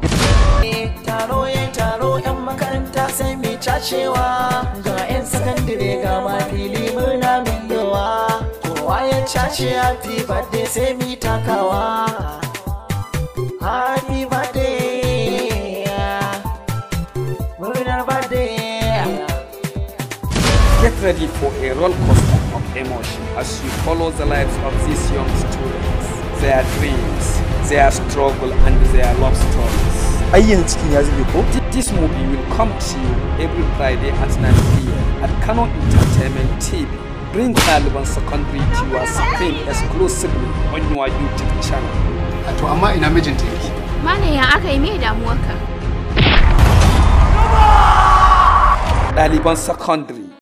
Eh, taro ya taro 'yan makaranta sai mai cacewa. dire gama fili muna min yawa kowa ya cashe happy birthday sai mi takawa happy birthday murnar birthday Get ready for a roller coaster of emotion as you follow the lives of these young students, their dreams, their struggle, and their love stories. This movie will come to you every Friday at 9 p.m. at Kano Entertainment TV. Bring ɗaliban secondary to your screen exclusively on your YouTube channel. A to amma ina mijinta TV. Mane ya aka yi me damuwarka? Ɗaliban secondary